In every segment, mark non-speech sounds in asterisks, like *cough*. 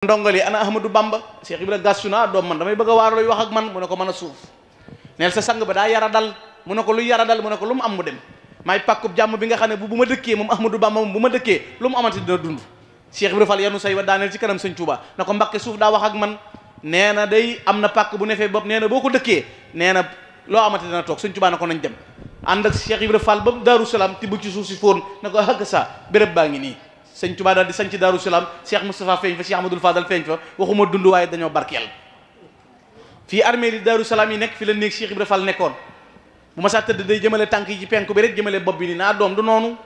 ndongali ana ahmadou bamba cheikh ibra gassuna do man damay bëgg a waarlooy wax ak man mu ne souf mën neel sa sang ba da yara dal mu lu yara dal mu lu mu am mu dem may pakup jamm bi nga xane bu buma ma mom ahmadou bamba moom bu lum lu mu amati do dund cheikh ibra fall yanu say wa danel ci kanam seigne touba nako ko souf da wax ak man neena day amna pak bu nefe bop neena boko boo neena lo amati dana tok seigne touba nako nañ dem and ak cheikh ibra fall bam daaru salaam ci souf ci fóon nako hakka sa béréb baangi ni sëñ Tuubaa daal di sanc Daaru Salaam Cheikh Moustapha feeñ fa Cheikh Ahmadul Fadal feeñ fa waxuma dund waaye dañoo barkeel fii armée li Daaru Salaam yi nekk fi la néeg Cheikh Ibra Fall nekkoon bu ma sax tëdd day jëmale tànk yi ci penk bi rek jëmale bopp bi nii naa doom du noonu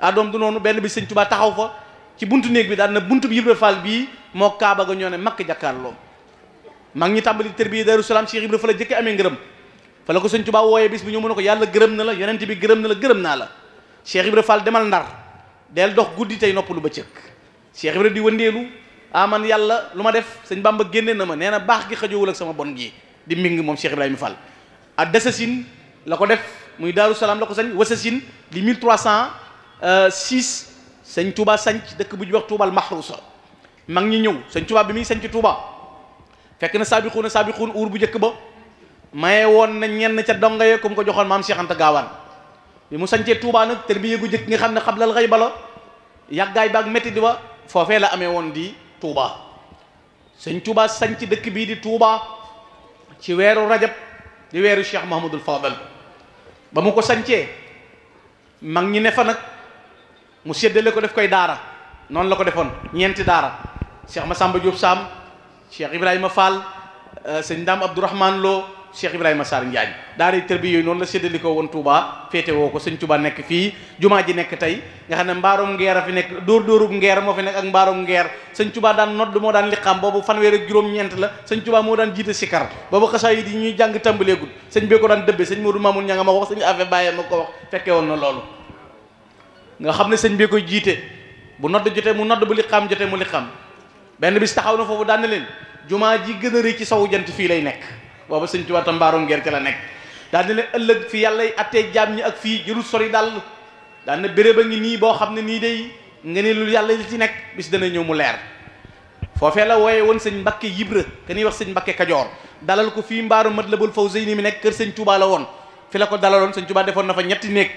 ah doom du noonu benn bi sëñ Tuubaa taxaw fa ci buntu néeg bi daal na buntu bi Ibra Fall bii moo Kaaba ga ñoo ne makk jàkkaarloo mag ñi tàmbali tërbiya Daaru Salaam seex Ibra fa la jëkk amee ngërëm fa la ko sëñ Tuubaa wooyee bis bi ñu mën ko yàlla gërëm na la yonent bi gërëm na la gërëm naa la Cheikh Ibra Fall demal Ndar del dox goudi tay noppalu ba cëkk cheikh ibrahim di wëndeelu aman ah, yalla lu def seigne bamba genné na ma néna bax gi ak sama bon gi di ming mom cheikh ibrahim fall ad desasin lako def muy daru salam lako ko sañ wasasin di 1306 euh, seigne touba sanc dëkk bu ñu wax toubal mahrusa mag ñi ñew seigne touba bi muy sanc touba fekk na saabixuun sabiqun ur bu jekk ba maye won na ñen ca donga ye ya ko joxon mam cheikh anta bi mu sañcee Touba nag bi gu jëkk nga xam ne xablal xëy ba la yàggaay baag métti di ba foofee la amee woon di Touba sëñ Touba sañc dëkk bii di Touba ci weeru rajab di weeru Cheikh Mahamadul Fadal ba mu ko sañcee mag ñi ne fa nag mu séddale ko def koy daara noonu la ko defoon ñeenti daara ma Massamba Diop Sam Cheikh Ibrahima Fall euh, sëñ daam Abdourahman Lo Cheikh Ibrahima Sarr Njaañ daaray tërbi yooyu noonu la séddali ko woon Touba féete woo ko sëñ Touba nekk fii jumaa ji nekk tey nga xam ne mbaarum ngeer a fi nekk dóor dóorub ngeer moo fi nekk ak mbaarum ngeer sëñ Touba daan nodd moo daan liqaam boobu fanweer ak juróom-ñeent la sëñ Touba moo daan jiite sikar boobu xasaa yi di ñuy jàng tàmbaleegul sëñ bee ko daan dëbbe sëñ Modou Mamoun ña nga ma wax sëñ Affe Baye ma ko wax fekkee woon na loolu nga xam ne sëñ bee jiite bu nodd jotee mu nodd bu liqaam jotee mu liqaam benn bis taxaw na foofu daan na leen jumaa ji gën a rëy ci sowu jant fii lay nekk booba sëñ Tuubaa tam mbaarum gerte la nekk daal ne leen ëllëg fi yàlla attee jaam ñi ak fii jërul sori dal daal na béréb a ngi nii boo xam ne nii day nga lu yàlla li ci nekk bis dana ñëw mu leer foofee la wooye woon sëñ Mbakke Yibra ke wax sëñ Mbakke Kajoor dalal ko fii mbaaru Matlabul Fawzayni mu nekk kër sëñ Tuubaa la woon fi la ko dalaloon sëñ Tuubaa defoon na fa ñetti néeg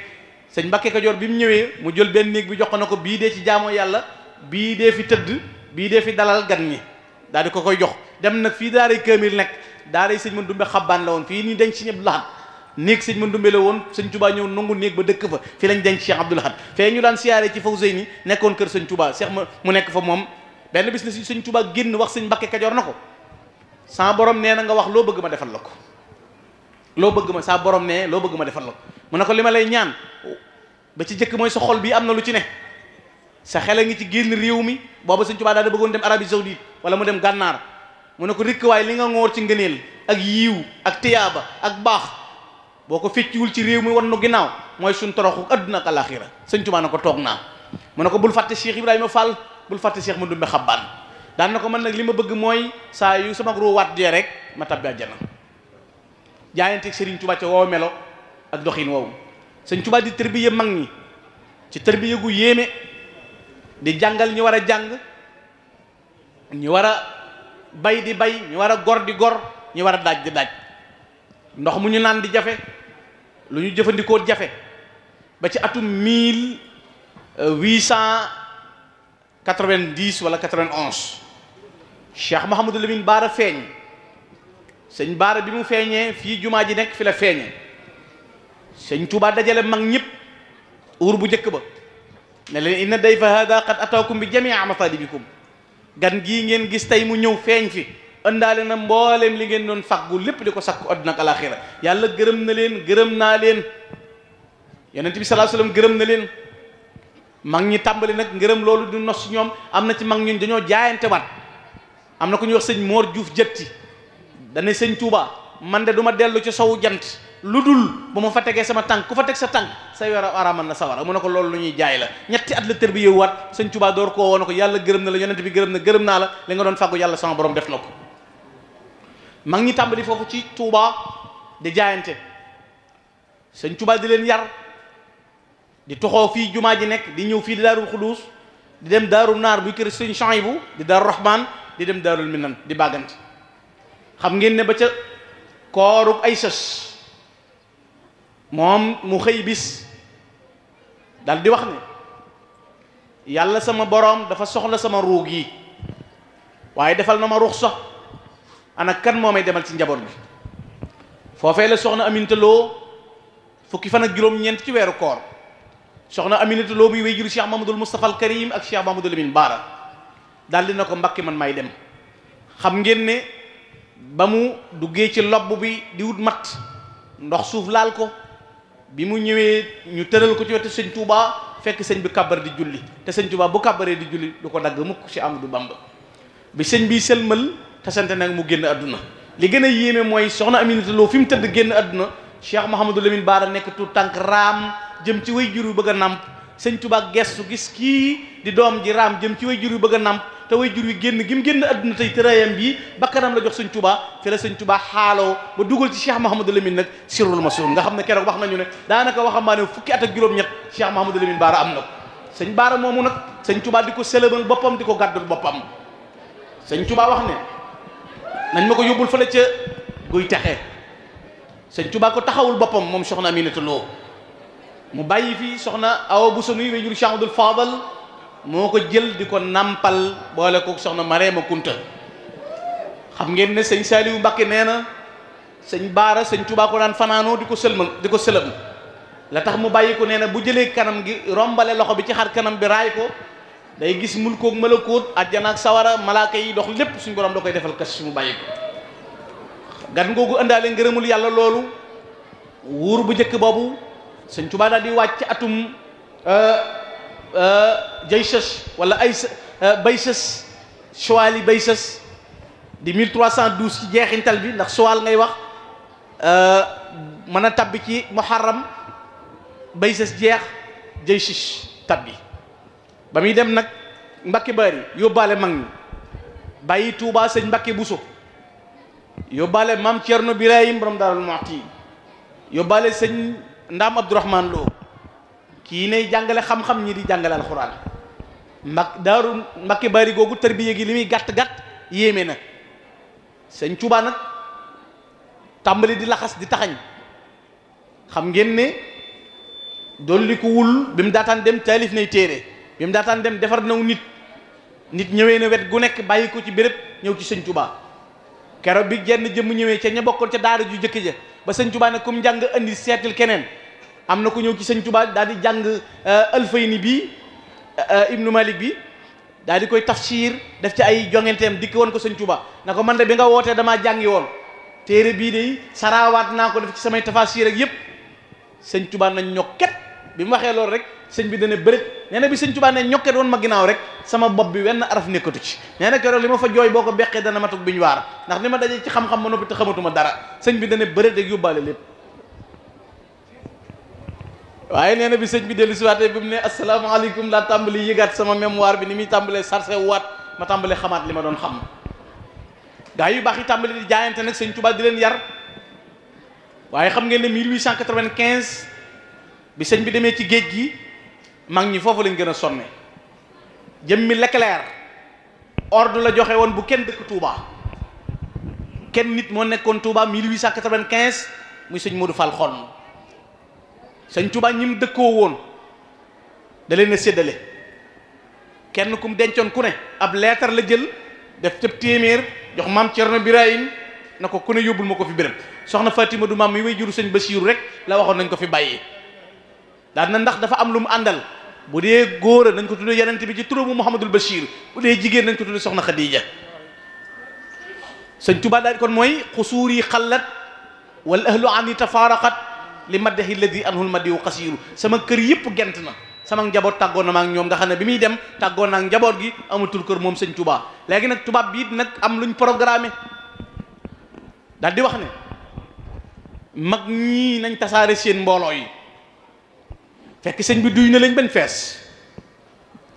sëñ Mbakke Kajoor bi mu ñëwee mu jël benn néeg bi jox ko na ko bii dee ci jaamoo yàlla bii dee fi tëdd bii dee fi dalal gan ñi daal di ko koy jox dem nag fii daaray kaamil nekk daara seigne mën dumbe xabbaan la won fi ni denc seigne abdullah nek seigne sëñ mën dumbe la won seigne touba ñew nangu nek ba dekk fa fi lañ denc cheikh abdullah fe ñu daan siaré ci fawzeyni nekkon keur seigne touba cheikh mu nek fa mom ben bis na seigne touba genn wax seigne mbacke kadior nako sa borom neena nga wax lo bëgg ma defal lako lo bëgg ma sa borom ne lo bëgg ma defal lako mu nako lima lay ñaan ba ci jëk moy sa xol bi amna lu ci ne sa xel a ci genn réew mi booba sëñ da bëggon dem arabie saoudite wala mu dem gànnaar mu ne ko rikk waaye li nga ngoor ci ngëneel ak yiiw ak tiyaaba ak baax boo ko fecciwul ci réew mi wan nu ginnaaw mooy suñ toroxu àdduna ak alaxira sëñ Tuubaa na ko toog naa mu ne ko bul fàtte Cheikh ma Fall bul fàtte Cheikh Mandumbe Xabbaan daan na ko man nag li ma bëgg mooy saa yu sama ruu waat dee rek ma tabbi àjjana jaayanteeg Serigne Touba ca woow melo ak doxin woowu sëñ Touba di tërbiye mag ñi ci tërbiye gu yéeme di jàngal ñu war a jàng bay di bay ñu war a gor di gor ñu war a daaj di daaj ndox mu ñu naan di jafe lu ñu jëfandikoo jafe ba ci atum mille huit cent quatre-vingt-dix wala quatre-vingt-onze Cheikh Mouhamadou Lamine Baara feeñ sëñ Baara bi mu feeñee fii jumaa ji nekk fi la feeñee sëñ Tuubaa dajale mag ñëpp uur bu njëkk ba ne leen inna dayfa hada qad ataakum bi jamia matalibikum gan gii ngeen gis tey mu ñëw feeñ fi ëndaale na mbooleem li ngeen doon fàggu lépp di ko sakku àdduna ak alaaxira yàlla gërëm na leen gërëm naa leen yonent bi sallallahu alayhi wasallam gërëm na leen mag ñi tàmbali nag ngërëm loolu du nos ñoom am na ci mag ñun dañoo jaayante wat am na ku ñuy wax sëñ Mor Diouf jëtti dane sëñ tuubaa man de duma dellu ci sowu jant lu dul bu ma fa tegee sama tànk ku fa teg sa tànk sa war a araamal na sawara mu ne ko loolu lu ñuy jaay la ñetti at la tër bi yëwwaat sëñ Tuubaa door koo woon ko yàlla gërëm na la yonent bi gërëm na gërëm naa la li nga doon fàggu yàlla sama borom def na ko mag ñi tàmbali foofu ci Tuubaa di jaayante sëñ Tuubaa di leen yar di toxoo fii jumaa ji nekk di ñëw fii di daarul xuduus di dem daarul naar buy kër sëñ Chouaïbou di daaru Rahman di dem daarul di bàggante xam ngeen ne ba ca kooruk ay sës moom mu xëy bis dal di wax ne yàlla sama boroom dafa soxla sama ruug yi waaye defal na ma ruux sax ana kan moom may demal si njaboot bi foofee la soxna Aminta Lo fukki fan ak juróom-ñeent ci weeru koor soxna Aminta Lo muy wéyjuru Cheikh Mamadou Moustapha al Karim ak Cheikh Mamadou Lamine Baara daal di na ko mbakki man may dem xam ngeen ne ba mu duggee ci lobb bi di wut matt ndox suuf laal ko bi mu ñëwee ñu tëral ko ci wetu sëñ Touba fekk sëñ bi kàbbar di julli te sëñ Touba bu kàbbaree di julli du ko dagg mukk ci du Bamba bi sëñ bi sëlmal tasante nag mu génn àdduna li gën a yéeme mooy soxna Aminata loo fi mu tëdd génn àdduna Cheikh Mouhamadou Lamine Bara nekk tu tànk raam jëm ci way jur bëgg a nàmp sëñ Touba gestu gis kii di doom ji raam jëm ci way jur bëgg a nàmp te way jur wi génn gi mu génn àdduna tey tëraayam bii bakkanam la jox sëñ Tuubaa fi la sëñ Tuubaa xaaloo ba dugal ci Cheikh Mahamadou Lamine nag ma masoon nga xam ne keroog wax nañu ne daanaka waxambaane fukki at ak juróom-ñett Cheikh Mahamadou Lamine Baara am na ko sëñ Baara moomu nag sañ Tuubaa di ko sëlëmal boppam di ko gàddul boppam sëñ Tuubaa wax ne nañ ma ko yóbbul fële ca guy taxee sëñ Tuubaa ko taxawul boppam moom soxna Aminata Lo mu bàyyi fii soxna Awa moo ko jël di ko nàmpal boole ko soxna Mareema Kunta xam ngeen ne sëñ Saaliwu Mbàkke nee na sëñ Baara sëñ Tuubaa ko daan fanaanoo di ko sëlmal di ko sëlëm la tax mu bàyyi ko nee na bu jëlee kanam gi rombale loxo bi ci xar kanam bi raay ko day gis mun mulkoog malakoot àjjana ak sawara malaaka yi dox lépp suñ borom da koy defal kas su mu bàyyi ko gan googu ëndaale ngërëmul yàlla loolu wuur bu njëkk boobu sëñ Tuubaa daal di wàcc atum euh, Euh, Jayshash wala ay euh, Bayshash Shuwaali Bayshash di 1312 ci jeexintal bi ndax Shuwaal ngay wax euh, mën a tabbi ci Muharram Bayshash jeex Jayshash tabbi ba muy dem nag Mbakke Bari yóbbaale mag ñi bàyyi Touba sëñ Mbakke Buso yóbbaale maam Thierno Birahim borom Daarul yi yóbbaale sëñ Ndaam Abdourahman Lo kii nay jàngale xam-xam ñi di jàngale alxuraan mag daaru mbakki bari googu bi gi li muy gàtt-gàtt yéeme na sëñ Tuubaa nag tàmbali di laxas di taxañ xam ngeen ne doon li wul bi mu daataan dem taalif nay téere bi mu daataan dem defar naw nit nit ñëwee na wet gu nekk bàyyi ci béréb ñëw ci sëñ Tuubaa keroog bi jenn jëmm ñëwee ca ña bokkoon ca daara ju jëkk ja ba sëñ Tuubaa ne kum njàng andi seetil keneen am na ko ñëw ci sëñ Tuubaa daal di jàng euh, alfayni bi euh, ibnu Malik bi daal di koy siir def ci ay jongenteem dikk woon ko sëñ tubaa na ko man de bi nga wootee damaa jàngi woon téere bii de saraawaat naa ko def ci samay tafasir ak yépp sëñ Tuubaa nañ ñokket bi mu waxee loolu rek sëñ bi dana bëri nee na bi sëñ Tuubaa ne ñokket woon ma ginnaaw rek sama bopp bi wenn araf nekkatu ci nee na keroog li ma fa jooy boo ko beqee dana matug bi ñu waar ndax ni ma dajee ci xam-xam ma noppi te xamatuma dara sëñ bi dana bëri rek yóbbaale lépp waaye nee na bi sëñ bi dellu si waatee bi mu ne asalaamaaleykum laa tàmbali yëgaat sama mémoire bi ni muy tàmbalee sarse waat ma tàmbalee xamaat li ma doon xam gaa yu baax yi tàmbali di jaayante nag sëñ Tuubaa di leen yar waaye xam ngeen ne 1895 bi sëñ bi demee ci géej gi mag ñi foofu lañ gën a sonne jëmmi Leclerc ordre la joxe woon bu kenn dëkk tuubaa kenn nit moo nekkoon Touba 1895 muy sëñ Modou Fall xonn sëñ Tuubaa ñi mu dëkkoo woon da leen seddale kenn ku mu dencoon ku ne ab leetar la jël def tëb téeméer jox maam Cerno Birahim na ko ku ne yóbbul ma ko fi béréb soxna Fatima du maam mi we juru sëñ Basiiru rek la waxoon nañ ko fi bàyyi daan na ndax dafa am lu mu àndal bu dee góor a nañ ko tuddee yenente bi ci turamu Muhammadul Bachir bu dee jigéen nañ ko tuddee soxna Khadija sëñ Tuubaa daal kon mooy xusuur yi xallat wal ahlu an yi tafaaraqat li maddahi lladi anhul madiyu qasir sama keur yep gent na sama njabot tagona mak ñom nga xam bi mi dem tagona ak njabot gi amatul keur mom seigne touba legi nak touba bi nak am luñ programé dal di wax ne mag ñi nañ tassare seen mbolo yi fekk seigne bi duy na lañ ben fess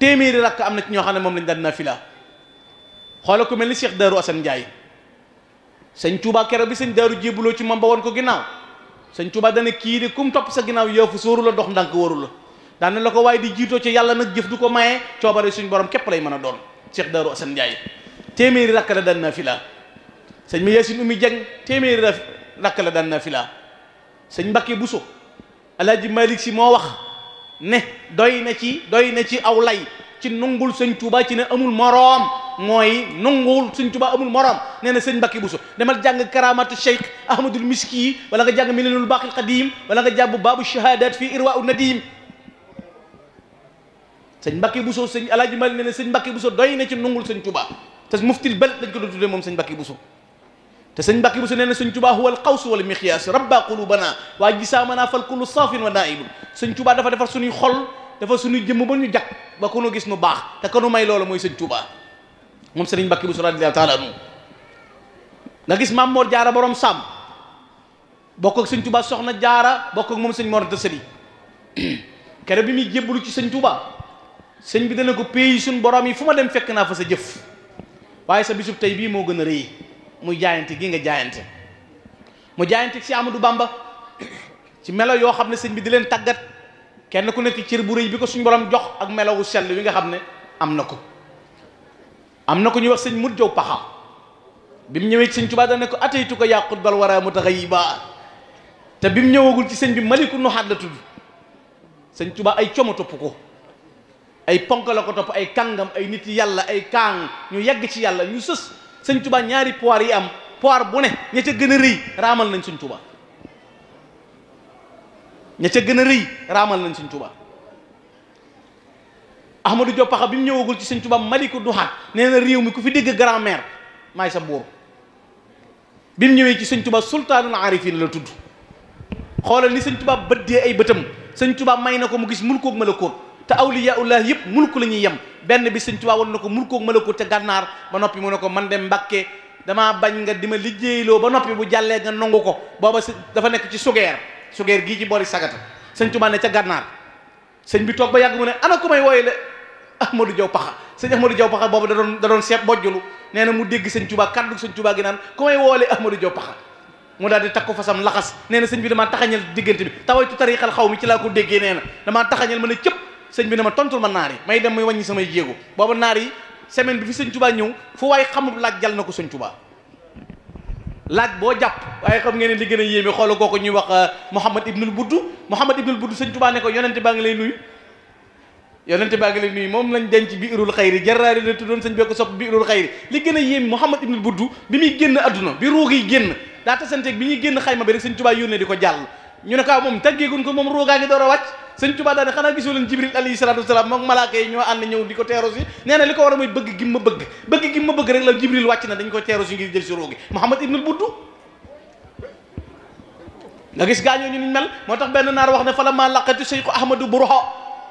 téméré rak am ci ño xam mom lañ dal nafila fila xolako melni Cheikh daru Assane jaay seigne touba kéro bi seigne daru ci mom ba ko ginaaw sëñ Tuubaa dana kii de kum topp sa ginnaaw yëfu sóoru la dox ndànk waru la daane la ko waaye di jiitoo ci yàlla nag jëf du ko maye coobare suñ borom képp lay mën a doon Cheikh Darou Assane Ndiaye téeméeri rakk la daan naafila sëñ ma Yaasin Umi Jeng téeméeri rakk la daan naafila sëñ Mbakke Buso Alaaji Malik Si moo wax ne doy na ci doy na ci aw lay ci nungul sëñ Tuubaa ci ne amul moroom mooy nanguwul sëñ Tuubaa amul morom nee na sëñ Mbàkke Buso demal jàng karamatu Cheikh Ahmadul Miski yi wala nga jàng Minanul Baaqil Qadiim wala nga jàpp baabu shahadat fii irwaa u nadim sëñ Mbàkke Buso sëñ Alaaji sëñ Mbàkke Buso doy na ci nungul sëñ Tuubaa te muftil bal dañ ko doon tuddee moom sëñ Mbàkke Buso te sëñ Mbàkke Buso nee na sëñ Tuubaa huwa al xaws wal miqyaas rabba qulubana waa jisaamanaa fal kullu saafin wa naibun sëñ Tuubaa dafa defar suñuy xol dafa suñuy jëmm ba ñu jag ba ko gis nu baax te ko nu may loolu mooy sëñ moom sëriñ Mbàkke Buso radiyallaahu taala anhu nga gis maam Moor Jaara boroom sàmm bokk ak sëñ Tuubaa soxna Jaara bokk ak moom sëñ Moor Anta Sali *clears throat* bi muy jébbalu ci sëñ Tuubaa sëñ bi dana ko pays suñ borom yi fu ma dem fekk naa fa sa jëf waaye sa bisub tey bii moo gën a rëy muy jaayante gi nga jaayante mu jaayante si Amadou bàmba ci melo yoo xam ne sëñ bi di leen tàggat kenn ku nekk cër bu rëy bi ko suñ borom jox ak melawu sell wi nga xam ne am na ko am na ko ñuy wax sëñ mut jow paxa bi mu ñëwee sëñ Tuubaa dana ko ataytu ko yàqut bal wara mutaxayyiba te bi mu ñëwagul ci sëñ bi maliku nuxaat la tudd sëñ Tuubaa ay coma topp ko ay ponk la ko topp ay kàngam ay nit yàlla ay kaang ñu yàgg ci yàlla ñu sës sëñ Tuubaa ñaari poir yi am poir bu ne ña ca gën a rëy raamal nañ sëñ Tuubaa ña ca gën a rëy nañ sëñ Tuubaa Ahmadou Diop Pakha bi mu ñëwagul ci sëñ Tuubaa maliku duxaat nee na réew mi ku fi dégg grand-mère maay sa buur bi mu ñëwee ci sëñ Tuubaa sultaanul arifin la tudd xoolal ni sëñ bët bëddee ay bëtam sëñ Tuubaa may na ko mu gis mulkoog malakoot te awliyaullah yëpp mulku la ñuy yem benn bi sëñ Tuubaa won na ko mulkoog malakoot te gànnaar ba noppi mu ne ko man dem Mbàkke damaa bañ nga di ma liggéeyloo ba noppi bu jàllee nga nangu ko booba dafa nekk ci sugeer sugeer gii ci boori sagata sëñ Tuubaa ne ca gànnaar sëñ bi Ah Diaw Paxa sëñ Ahmadou Diaw Paxa boobu da doon da doon seet bojjulu nee na mu dégg sëñ kau kàddu sëñ ah gi naan ku may woolee Diaw Paxa mu daal di takku fasam laxas nee na sëñ bi damaa taxañal diggante bi tawaytu tariqal xaw mi ci laa ko déggee nee na damaa taxañal ma ne cëpp sëñ bi ne ma tontul ma naar yi may dem may wàññi samay semaine bi fi fu jal laaj xam ngeen li xol ko ko ñuy wax Muhammad ibnul Budu, Muhammad ibnul Budu sëñ Tuubaa ne ko yonente ba nga lay nuyu yonente baa ngi leen nuyu moom lañ denc biirul xayri jaraari la tuddoon sañ bokk sopp biirul xayri li gën a yéem Muhammad ibnul Buddu bi muy génn adduna bi ruug génn daa tasanteeg bi ñuy génn xayma bi ah, a wàcc sëñ Tuubaa xanaa gisoo leen Jibril alayhi salatu wasalaam moom malaaka yi ñoo ànd ñëw di ko teeru si nee li ko war a mooy bëgg gi bëgg bëgg gi ma bëgg rek la Jibril wàcc na dañ ko teeru si ngir jël si ruugi Muhammad ibnul Buddu nga gis gaañoo ñu niñ mel moo tax benn naar wax ne fa la ma laqatu Cheikh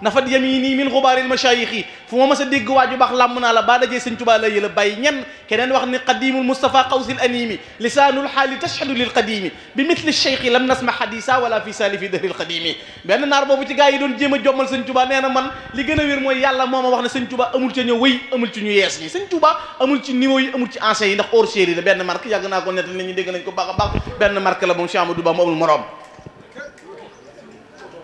نفد يميني من غبار المشايخ فما مسا ديغ واجو باخ لامنا لا بادا جي سنتو با لا يلا باي نين كنن واخني قديم المصطفى قوس الانيم لسان الحال تشهد للقديم بمثل الشيخ لم نسمع حديثا ولا في سالف دهر القديم بان نار بوبو تي غاي دون جيما جومل سنتو با نانا من لي غنا وير موي يالا موما واخني سنتو با امول تي نيو وي امول تي نيو يس ني سنتو با امول تي نيو وي امول تي انسي ناخ اور شيري لا بن مارك ياغ ناكو نيت ني ديغ نانكو باخ باخ بن مارك لا بوم شامدو با مومل مروم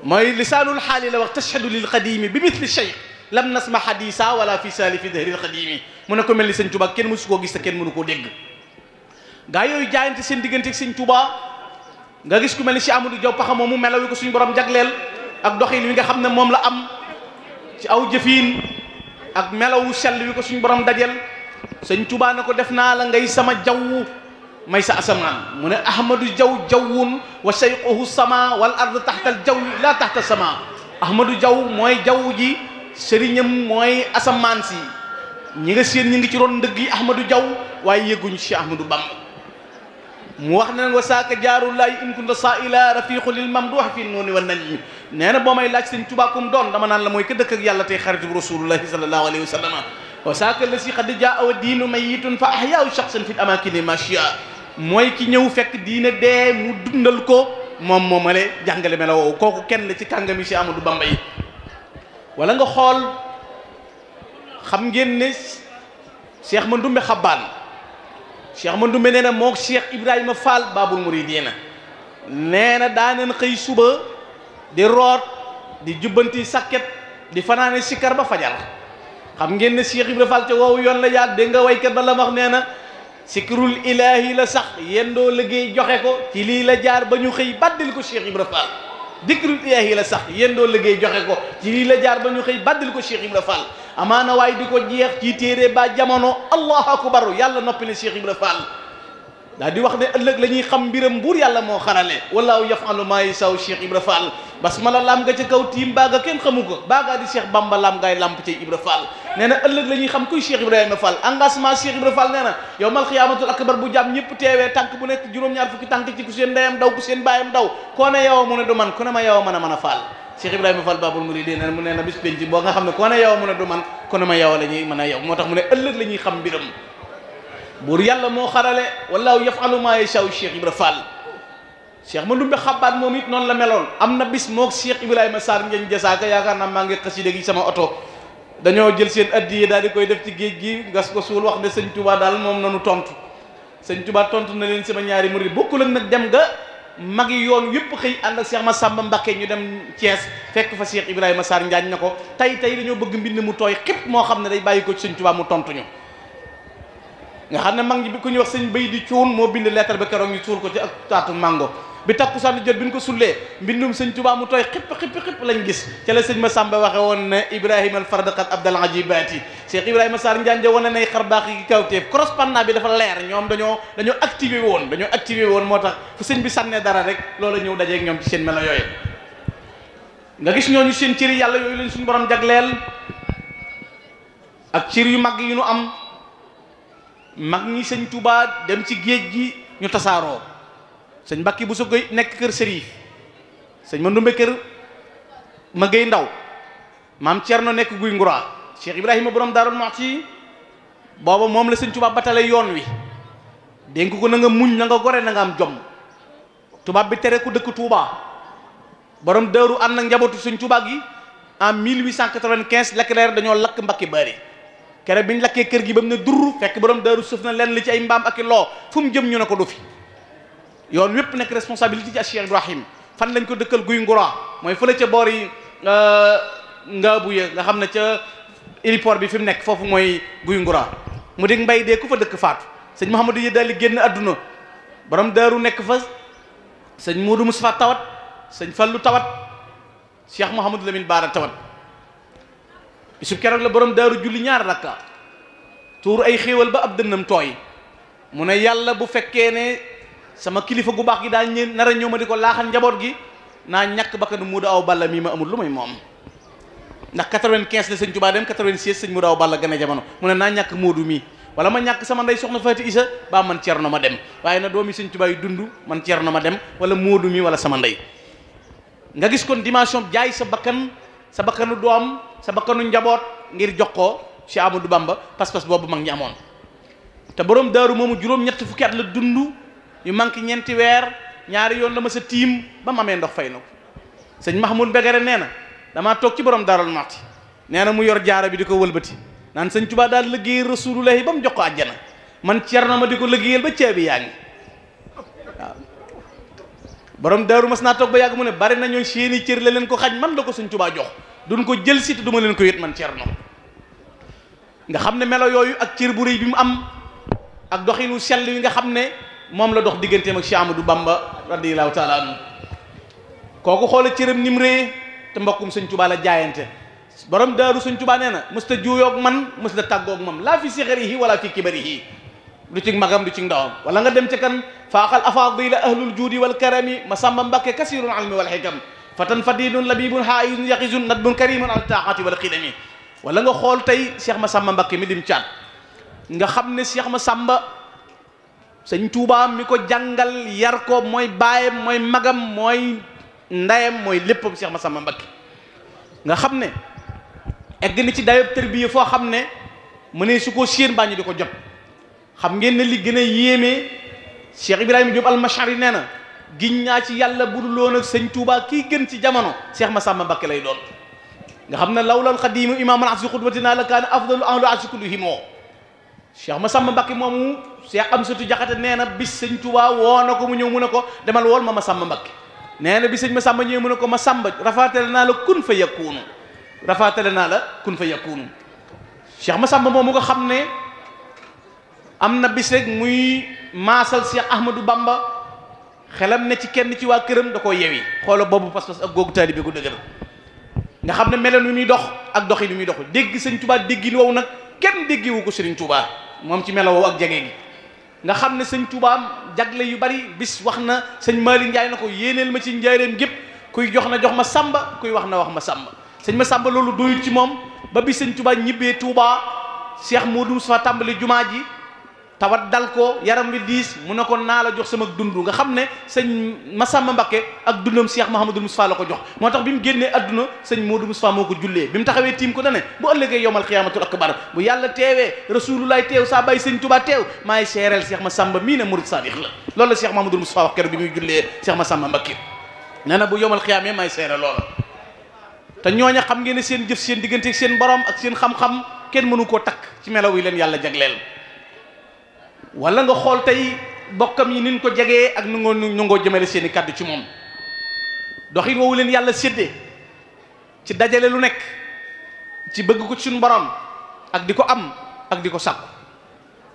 mooy lisaanul xaali la wax tashhadu lil qadimi bi misli shay lam nasma xadisa wala fi saalifi dahril qadimi mu ne ko mel ni sëñ Tuba kenn mësu koo gis te kenn mënu koo dégg gaa yooyu jaayante seen digganteeg sëñ Tuba nga gis ku mel ni si Amadou Diop paxa moomu melawi ko suñu borom jagleel ak doxin wi nga xam ne moom la am ci aw jëfiin ak melawu sell wi ko suñu borom dajel sëñ Tuba ne ko def naa la ngay sama jaww may sa asamaan mu ne ahmadu jaw jawwun wa shayquhu sama wal ard taxta al jaw la taxta sama ahmadu jaw mooy jaww ji sëriñam mooy asamaan si ñi nga seen ñi ngi ci roon ndëgg yi ahmadu jaw waaye yëgguñu ci ahmadu bamb mu wax ne nag wa saaka jaarullahi in kunta saila rafiqu lil mamduux fi nuuni wa najmi nee na boo may laaj sëñ Tuubaa kum doon dama naan la mooy ka dëkk ak yàlla tey xaritu rasulullahi sallallahu alayhi wa sallama wa saaka la si xad jaa wa diinu mayitun fa ahyaahu shaxsan fi l amakini ma shaa mooy ki ñëw fekk diine dee mu dundal ko moom moomale jàngale mela woowu kooku kenn la ci kàngami si Amadou Bamba yi wala nga xool xam ngeen ne Cheikh Mandoumbe Xabbaan Cheikh Mandoumbe nee na moo Cheikh Ibrahima Fall Babul Mouridina nee na daaneen xëy suba di root di jubbanti sakket di fanaane sikkar ba fajal xam ngeen ne Cheikh Ibrahima Fall ca woowu yoon la yaat dégg nga waykat ba la wax nee na sikrul ilaahi la sax doo liggéey joxe ko ci lii la jaar ba ñu xëy baddil ko Cheikh Ibra Fall dikrul ilaahi la sax doo liggéey joxe ko ci lii la jaar ba ñu xëy baddil ko Cheikh Ibra Fall na waaye di ko jeex ci téere ba jamono allahu akbar yàlla noppi ne Cheikh Ibra Fall daal di wax ne ëllëg la ñuy xam mbiram buur yàlla moo xarale walaaw yafalu maa yisaw Cheikh Ibra Fall basmala lam nga ca kaw tiim baaga kenn xamu ko baagaa di Cheikh Bamba lam ngay lamp ci Ibra Fall nee na ëllëg la ñuy xam kuy Cheikh Ibrahima Fall engagement Cheikh Ibra Fall nee na yow mal xiyaamatul akbar bu jàmm ñëpp teewee tànk bu nekk juróom-ñaar fukki tànk ci ku seen ndeyam daw ku seen baayam daw koo ne yow mu ne du man ku ne ma yow mën a mën a Fall Cheikh Ibrahima Fall mu nee na mu mën a yow moo tax mu ne ëllëg la ñuy xam mbiram buur yàlla moo xarale wallaahu yafalu maa yashaa'u Cheikh Ibra Fall ma Mandumbe Xabaat moom it noonu la meloon am na bis moog Cheikh Ibrahima saar ngeen jasaaka yaakaar naa maa ngi xasida gi sama dañoo jël seen addiye daal di koy def ci géej gi ngas ko suul wax ne sëñ Touba daal moom nanu tontu sëñ tontu na leen sama ñaari murid bokkul ak nag dem nga mag yi yoon yëpp xëy ànd ak Cheikh Massamba Mbacké ñu dem Thiès fekk fa Cheikh Ibrahima Sarr njaañ na ko tey tey dañoo bëgg mbind mu tooy xip moo xam ne day bàyyi ko ci sëñ Touba mu tontu ñu nga xamne ne mag ñi bi ku ñu wax señ bay di ciun mo bind lettre ba kéro ñu ciul ko ci ak tatu mango bi takku sànni jot bi ko sulé mbindum señ tuba mu toy xipp xipp xipp lañ gis ci la señ ma samba waxe won ne ibrahim al fardaqat abdal ajibati cheikh Ibrahim sar ndianje wane nay xar baax yi kawteef correspondant bi dafa leer ñom dañu dañu activer won dañu activer won motax fu señ bi sànnee dara rek ñew dajé ak ñom ci señ melo yoy nga gis ñooñu seen cëri yalla yoy lañ suñu borom jaglél ak cër yu mag yi ñu am mag ni seigne Touba dem ci geej gi ñu tassaro seigne Mbacke bu Gueye nek keur Serif seigne mandou mbeker ma gay ndaw mam tierno nek guy Ngura Cheikh ibrahim borom darul Mouhty bobo mom la seigne Touba batale yoon wi dénk ko na nga muñ na nga gore na nga am jom touba bi téré ko dekk Touba borom Darou ànd nak njabootu seigne Touba gi en 1895 Leclerc dañoo lak Mbacke bari kere biñ lakkee kër gi ba mu ne durr fekk borom daaru sëf na lenn li ci ay mbaam ak i loo fu mu jëm ñu ne ko du fi yoon wépp nekk responsabilité ci Cheikh Ibrahim fan lañ ko dëkkal guy ngura mooy fële ca boor yi euh, nga nga xam ne ca aéroport bi fi mu nekk foofu mooy guy ngura mu dégg mbay dee ku fa dëkk faatu sëñ Mouhamadou yi daal di génn àdduna boroom daaru nekk fa sëñ Modou Moustapha tawat sëñ Fallou tawat Cheikh Mouhamadou Lamine Baara tawat bisub keroog la borom daaru julli ñaar rakka tuur ay xéewal ba ab dënnam tooy mu ne yàlla bu fekkee ne sama kilifa gu baax gi daa ñëw nara ñëw ma di ko laaxal njaboot gi naa ñàkk bakkanu mu daaw balla mii ma amul lu may moom ndax 95 la sëñ Tuubaa dem 96 sëñ mu daaw balla gën a jamono mu ne naa ñàkk moodu mii wala ma ñàkk sama ndey soxna Faati Isa baa man cerno ma dem waaye na doomi sëñ Tuubaa yi dund man cerno ma dem wala moodu mi wala sama ndey nga sa bakkanu njaboot ngir jox ko Cheikh Amadou Bamba pas-pas boobu mag ñi amoon te borom daaru moomu juróom-ñetti fukki at la dund yu manqué ñeenti weer ñaari yoon la ma sa tiim ba mu amee ndox fay na ko sëñ Mahmoud Begere nee na damaa toog ci borom daaral Mati nee na mu yor jaara bi di ko wëlbati naan sëñ Tuubaa daal liggéey rasulullahi ba mu jox ko àjjana man Cerno ma di ko liggéeyal ba ceebi yaa ngi waaw borom daaru mas naa toog ba yàgg mu ne bari nañoo seeni cër leen ko xaj man la ko sëñ Tuubaa jox dun ko jël si te duma leen ko yët man Cerno nga xam ne melo yooyu ak cër bu rëy bi mu am ak doxinu sell yi nga xam ne moom la dox digganteem ak Cheikh du Bamba radiyallahu taala anhu kooku xoola cëram ni mu rëyee te mbokkum sëñ Tuubaa la jaayante borom daaru sëñ Tuubaa nee na mës ta juuyoog man mës ta tàggoog moom laa fi sixarihi wala fi kibarihi du ci magam du ci ndawam wala nga dem ca kan faaxal afaadila ahlul juudi wal karami ma sàmba mbakke kasirul almi wal xikam fatan fadilun labibun haayun yaqisun nadbun karimun ala taaqati wal xidami wala nga xool tey seex ma Massamba Mbacké mi dim caat nga xam ne ma sàmba sëñ Tuubaa mi ko jàngal yar ko mooy baayam mooy magam mooy ndeyam mooy léppam ma Massamba Mbacké nga xam ne egg na ci dayob tërbiya foo xam ne mu ne su ko séen baa ñu di ko jot xam ngeen ne li gën a yéeme Cheikh Ibrahima Diop al Machari nee na giñ naa ci yàlla bu dul woon sëñ tuubaa kii gën ci jamono ma Massamba mbakki lay doon nga xam ne lawlal xadimu imaamul asi xudwatina la kaana afdalu ahlu asi kullihimo Cheikh Massamba Mbacké moomu Cheikh Amsatu Jaxate nee na bis sëñ Touba woo ko mu ñëw mu ne ko demal wool ma Massamba Mbacké nee na bis sëñ Massamba ñëw mu ne ko ma Massamba rafaatale naa la kun fa yakunu rafaatale naa la kun fa yakunu Cheikh Massamba moomu nga xam ne na bis rek muy maasal Cheikh Ahmadou Bamba xelam ne ci kenn ci waa këram da koo yewi xoola boobu pas-pas ak googu taalibe gu dëgër nga xam ne meloon wi muy dox ak dox yi muy dox dégg sëñ Tuubaa déggin wow nag kenn déggi wu ko sëriñ Tuubaa moom ci melo wow ak jege gi nga xam ne sëñ Tuubaa jagle yu bari bis wax na sëñ Maali Njaay na ko yéeneel ma ci njaareem gépp kuy jox na jox ma sàmba kuy wax na wax ma sàmba sëñ ma sàmba loolu doyut ci moom ba bi sëñ Tuubaa ñibbee Tuubaa Cheikh Modou Moustapha tàmbali jumaa ji tawat dal ko yaram bi diis mu ne ko naa la jox sama dund nga xam ne sëñ Massamba Mbakke ak dundam ma Mahamadou Moustapha la ko jox moo tax bi mu génnee adduna sëñ Modou Moustapha moo ko jullee bi mu taxawee tiim ko dane bu ëllëgee yowmal xiyaamatul akbar bu yàlla teewee rasulullaay teew saa bàyyi sëñ Tuubaa teew maay seereel Cheikh Massamba mii ne murid sadiq la loolu la ma Mahamadou Moustapha wax keroog bi muy jullee Cheikh Massamba Mbakke nee na bu yowmal xiyaamee may seere loola te ñooña xam ngeen ne seen jëf seen diggante seen borom ak seen xam-xam kenn mënu koo takk ci melaw yi leen yàlla jagleel wala nga xool tey bokkam yi nin ko jegee ak nu ngoo nu ngoo jëmale seen kàddu ci moom doxin woowu leen yàlla séddee ci dajale lu nekk ci bëgg ko ci suñ borom ak di ko am ak di ko sàkku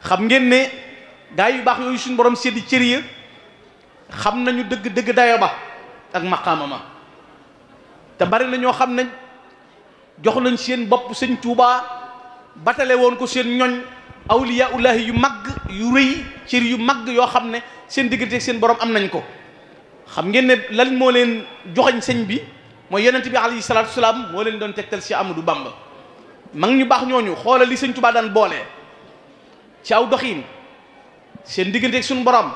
xam ngeen ne gaa yu baax yooyu suñ boroom séddi cër ya xam nañu dëgg dëgg dayo ba ak maqaama ma te bari na ñoo xam nañ jox nañ seen bopp sëñ Tuubaa batale woon ko seen ñoñ awliyaullahi yu mag yu rëy cër yu mag yoo xam ne seen diggante seen borom am nañ ko xam ngeen ne lan moo leen joxañ sëñ bi mooy yonent bi alayhi salaatu salaam moo leen doon tegtal si Amadou Bamba mag ñu baax ñooñu xoolal li sëñ Tuubaa daan boole ci aw doxiin seen diggante ak suñu borom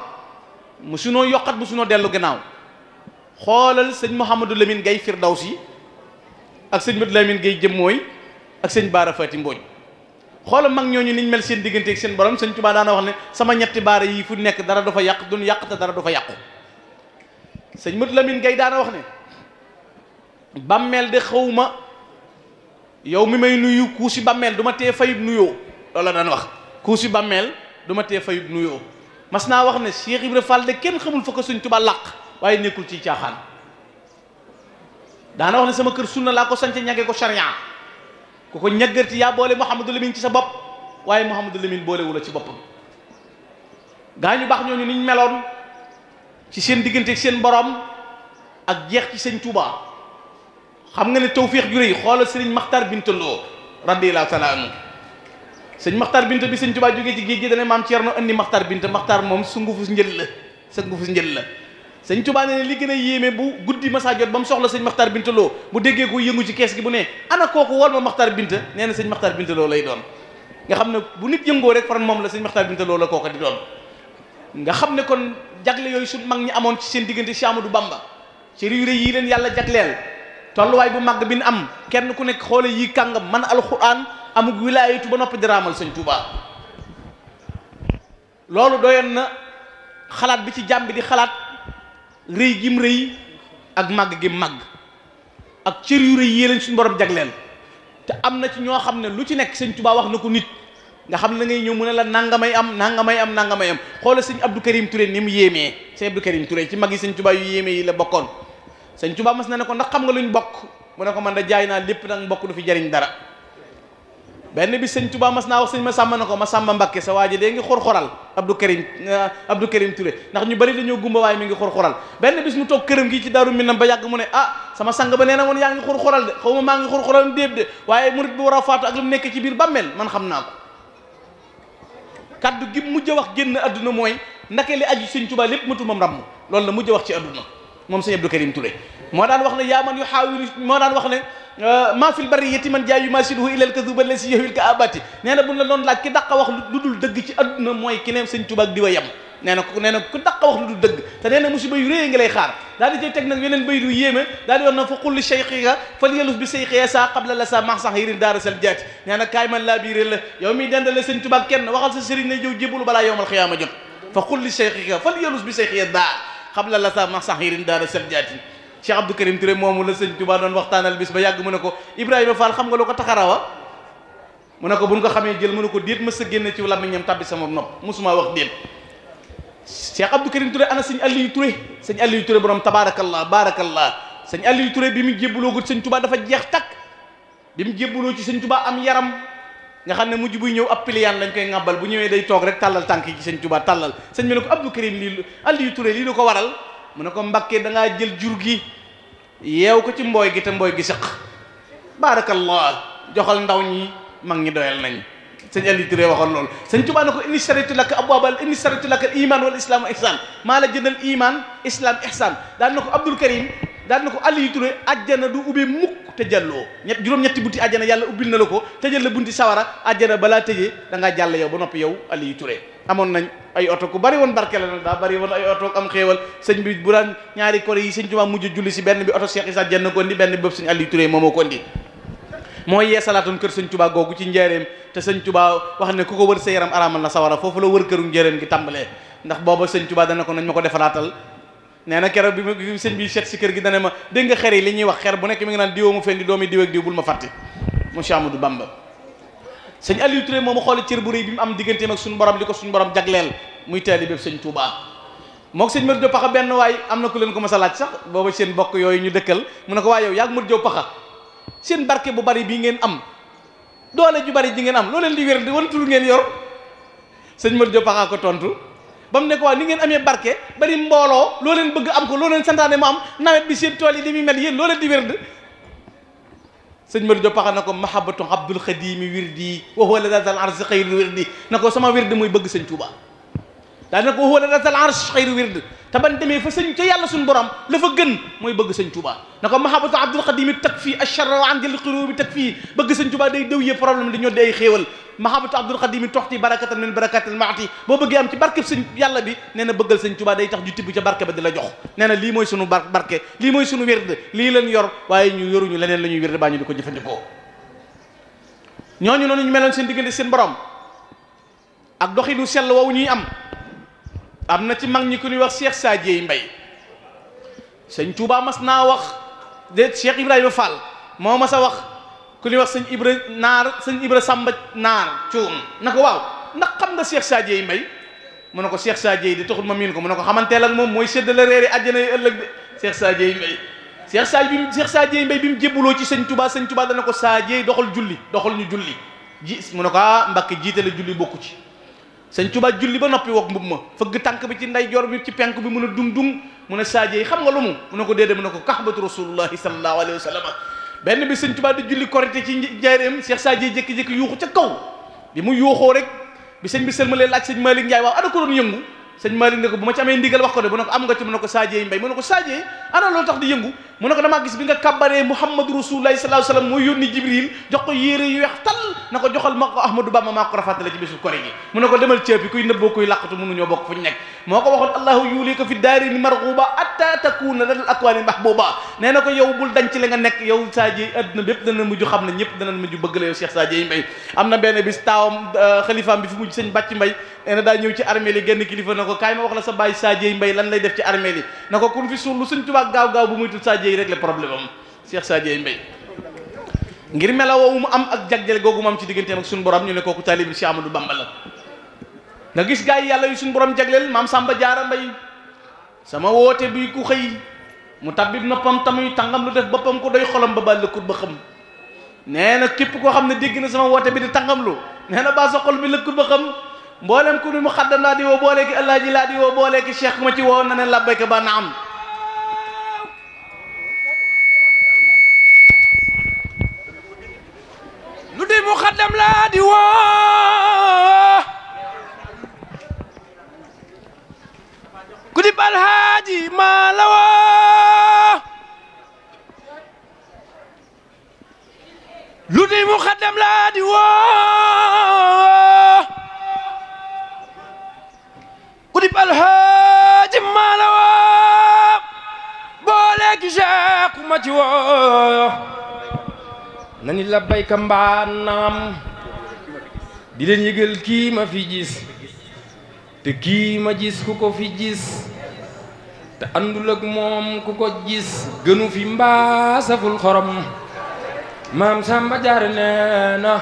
musunoo yokkat musunoo dellu gannaaw xoolal sëñ Mouhamadou Lamine Gaye si ak sëñ Mouhamadou Lamine gay jëm mooy ak seen Baara Faati Mbooñ xoola mag ñooñu niñ mel seen diggante ak seen borom sëñ Tuubaa daana wax ne sama ñetti baara yi fu nekk dara du yàq duñ yàq te dara du fa yàqu sëñ Matu Lamin Gay daana wax ne bàmmeel de xawma yow mi may nuyu kuusi bàmmeel du ma tee fayub nuyoo loolu la daan wax kuusi bàmmeel du ma tee fayub nuyoo mas naa wax ne Cheikh Ibra Fall de kenn xamul fa ko sëñ Tuubaa làq waaye nekkul ci caaxaan daana wax ne sama kër sunna laa ko sance ñage ko charia ku ko ñaggarti yaa boole Mouhamadou Lamine ci sa bopp waaye Mouhamadou Lamine boolewu la ci boppam gaa ñu baax ñooñu niñ meloon ci seen diggante seen borom ak jeex ci sëñ tuuba xam nga ne tawféex ju rëy xoolal sëriñ Maxtar Binta Lo radiyallahu taala anhu sëñ Maxtar Binta bi sëñ Touba jógee ci géej gi dana maam Ceerno andi Maxtar Binta Maxtar moom sungufus njël la sungufus njël la sëñ touba ne li gëna yéme bu guddi masa jot bam soxla sëñ makhtar Binta Lo bu déggé ko yëngu ci caisse gi bu né ana koku wol ma makhtar Binta nee na sëñ Maxtaar Binta Lo lay doon nga xamné bu nit yëngo rek faran mom la makhtar Binta Lo la koku di doon nga xamné kon jagle yoy su mag ñi amon ci seen digënté chamadou Bamba ci réew yi leen jaglél tollu way bu mag bi am kenn ku nekk xolé yi kàngam man alquran amug wilaayatu ba noppi daraamal sëñ touba loolu doyon na xalaat bi ci jambi di xalaat rëy gim rëy ak màgg gim màgg ak cër yu rëy yée lañ suñu borom jagleel te am na ci ñoo xam ne lu ci nekk sëñ Tuubaa wax na ko nit nga xam ne nga ngay ñëw mu ne la nangamay am nanga am nangamay am xoola sëñ Abdou Karim Touré ni mu yéeme sëñ Abdou Karim Touré ci mag yi sëñ Tuubaa yu yéeme yi la bokkoon sëñ Tuubaa mas na ne ko ndax xam nga luñ bokk mu ne ko man da jaay naa lépp nag mbokk du fi jariñ dara benn bi sëñ tubaa mas naa wax sëñ ma sàmba na ko ma sàmba Mbakke sa waa ji dee ngi xor-xoral Abdou Karim eh, Abdou Karim Touré ndax ñu bari dañoo gumba waaye mi ngi xor-xoral benn bis mu toog këram gi ci daaru minam ba yàgg mu ne ah sama sang ba nee na yaa ngi xor-xoral de xaw ma maa ngi xor-xoral déeb de waaye a faatu ak lu mu nekk xam naa ko kaddu gi wax génn adduna mooy ndake li aju sëñ Touba lépp matul mam ramm loolu la mujj wax ci adduna moom sëñ Abdou Karim Touré moo daan wax ne yaa man yu xaawilu moo daan wax ne maa fil bariyati man jaayu masiduhu ilal kadhuba lasi yahwil ka abati nee na bu la doon laaj ki daq wax lu dul dëgg ci adduna mooy ki ne sëñ Tuubaa di wa yem nee na nee na ku daq wax lu dul dëgg te nee na musiba yu réy nga lay xaar daal di cay teg nag yeneen baydu yéeme daal di wax na fa qul li cheyqika fal yelus bi cheyqiya saa qabla la saa max sax yirin daara sal jaati nee na kaay man laa biiré la yow miy dendale sëñ Tuubaa kenn waxal sa sëriñ ne jow jébulu balaa yowmal xiyaama jot fa qul li cheyqika fal yelus bi cheyqiya daa qabla la saa max sax yirin daara sal jaati Cheikh Abdou Karim Touré moomu la sëñ Touba doon waxtaanal bis ba yàgg mu ne ko Ibrahima Fall xam nga loo ko taxarawa mu ne ko bu ñu ko xamee jël mu ne ko déet mës a génn ci làmmiñam tàbbi sama nopp mosuma wax déet Cheikh Abdou Karim ture ana sëñ Aliou Touré sëñ yu ture borom tabaarakallah baarakallah sëñ yu ture bi mu jébbaloo ko sëñ Touba dafa jeex takk bi mu jébbaloo ci sëñ Touba am yaram nga xam ne mujj buy ñëw ab piliyaan lañ koy ŋàbbal bu ñëwee day toog rek tàllal tànk yi ci sëñ Touba tàllal sëñ bi ne ko Abdou Karim lii Aliou ko waral mu ne ko mbakke da jël jur gi yeew ko ci mbooy gi te mbooy gi sëq baarakallah joxal ndaw ñi mag ñi doyal nañ sëñ Aliou Touré waxoon loolu sëñ Tuubaa ne ko inni shtaritu laka abwaabal inni shtaritu laka al iman wal islam maa la jëndal iman islam ihsan daan na ko Abdul Karim daal na ko Aliou Touré ajjana du ubbee mukk te jàlloo ñett juróom-ñetti bunti ajjana yàlla ubbil na la ko tëjal la bunti sawara ajjana balaa tëjee da ngaa jàll yow ba noppi yow Aliou Touré amoon nañ ay oto ku bari woon barke la na daa bari woon ay oto am xéewal sëñ bi bu daan ñaari kore yi sëñ Tuubaa mujj julli si benn bi oto Cheikh Issa Diène ko indi benn bi bopp sëñ Aliou Touré moo moo ko indi mooy yeesalaatoon kër sëñ Tuubaa googu ci njëreem te sëñ Tuubaa wax ne ku ko wër sa yaram araamal na sawara foofu la wër këru njëreem gi tàmbalee ndax booba sëñ Tuubaa dana ko nañ ko defaraatal nee na bi ma sëñ bi seet ci kër gi dana ma de nga xéré li ñuy wax xer bu nekk mi nga naan mu fendi doomi diw ak diw bul ma mu chamadou Bamba seigne Aliou Touré momu xol cër bu reuy bi mu am digënté mak suñu borom liko suñu borom jaglél muy taalibeeb seigne Touba mook sëñ Modou Paxa benn way am na ku leen ko mas a sax booba seen bokk yoy ñu dekkal mu nako way yow yaak Paxa seen barké bu bari bi ngeen am doole ju bari di ngeen am lo leen di wër di wan tur ngeen yor seigne Paxa ko tontu ba mu nekk waa ni ngeen amee barke bari mbooloo loo leen bëgg am ko looleen leen santaane mu am nawet bi seen tool yi li muy mel yéen loo di wérd sëñ Madu Jóob paxa na ko mahabatu abdul xadimi wirdi wa huwa la dal arsi xayrul wirdi na ko sama wirdi muy bëgg sëñ Tuubaa danako na ko huwa nazal arsh khairu wird te ban demee fa sëñ ci yàlla sun borom la fa gën moy bëgg sëñ Tuubaa nako mahabbatu abdul qadim takfi fii acharra wa andil xurubi takfi bëgg sëñ Tuubaa day dëw ye problème di ñoo di ay xéewal mahabbatu abdul qadim tuhti barakatan min barakatil maati bo bëggee am ci barké sëñ yàlla bi néna bëggal sëñ Tuubaa day tax ju tibb ci barke ba di la jox néna li moy sunu barke li moy sunu wird li lañ yor waye ñu yoruñu leneen la wird baa ñu di ko nonu noonu nu meloon seen digënde seen borom ak doxinu sel woowu ñuy am am na ci mag ñi ku nuy wax Cheikh Sadie Mbaye sëñ Touba mas naa wax de Cheikh Ibrahima Fall moo mas a wax ku nuy wax sëñ Ibra Naar sëñ Ibra Samba Naar Cuun na ko waaw ndax xam nga Cheikh yi mbey mu ne ko Cheikh yi di taxul ma miin ko mu ne ko xamanteel ak moom mooy séddale reeri àjjana yi ëllëg de Cheikh Sadie Mbaye Cheikh Sadie bi Cheikh Sadie Mbaye bi mu jébbuloo ci sëñ Touba sëñ Touba dana ko Sadie doxal julli doxal ñu julli ji mu ne ko ah bokku ci sëñ Tuubaa julli ba noppi wok mbub ma fëgg tànk bi ci ndeyjoor bi ci penk bi mun a dung dung mun a saajee xam nga lu mu mu ne ko déedéet mu a ko kaxbatu rasulullahi sallallahu alayhi wa sallam benn bi sëñ Tuubaa di julli korité ci njaareem Cheikh Saajee jékki-jékki yuuxu ca kaw bi mu yuuxoo rek bi sëñ bi sëlmalee laaj sëñ Malick Ndiaye waaw ana ko doon yëngu sëñ Malick ne ko bu ma ci amee ndigal wax ko de mu ne ko am nga ci mu ne ko saajee mbay ana loolu tax di yëngu mu ne ko damaa gis bi nga kàbbaree muhammadu rasulullahi sallallahu alayhi wasallam mooy yónni jibril jox ko yére na ko joxal ma ko ahmadou bamba maa ko rafatale ci bésu kore gi mu ne ko demal cëppi kuy na ko yow bul dañ ci la nga nekk la mbay am euh, la sa lay def ci armée li na ko kun fi suul lu sëñ Tuubaa gaaw gaaw bu muy tudd Sadio yi régler problème am Cheikh Sadio yi Mbaye ngir melawoo mu am ak jagjale googu mu am ci digganteem ak suñu borom ñu ne kooku taalibi Cheikh Amadou Bamba la nga gis gaa yàlla yu suñu borom jagleel ma Samba Jaara Mbay sama woote bi ku xëy mu tabbib noppam tamuy tàngam lu def boppam ku doy xolam ba bal lëkkut ba xam nee na képp koo xam ne dégg na sama woote bi di tàngam lu na baa sa xol bi lëkkut ba xam mboolem ku mu xaddam laa di woo laa di woo booleeki ci woo na ne مخدم لا ديوا كدي بالهادي ما لوا لودي مخدم لا ديوا كدي بالهادي ما لوا بولك جاك ما ديوا nani labbayka mbaa di len yegal ki ma fi gis te ki ma gis kuko fi gis te andul ak mom kuko gis gënu fi mba saful kharam mam Samba jar neena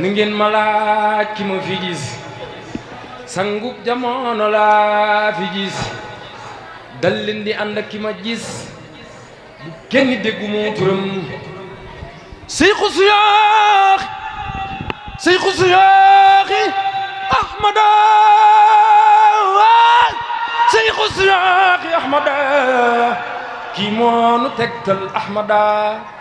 ni ngeen mala ki ma fi gis sanguk jamono la fi gis dal len di and ki ma gis kenn degu mo turam شيخ الشياخ شيخ الشياخ أحمد شيخ الشياخ أحمد كي مو نتكتل أحمد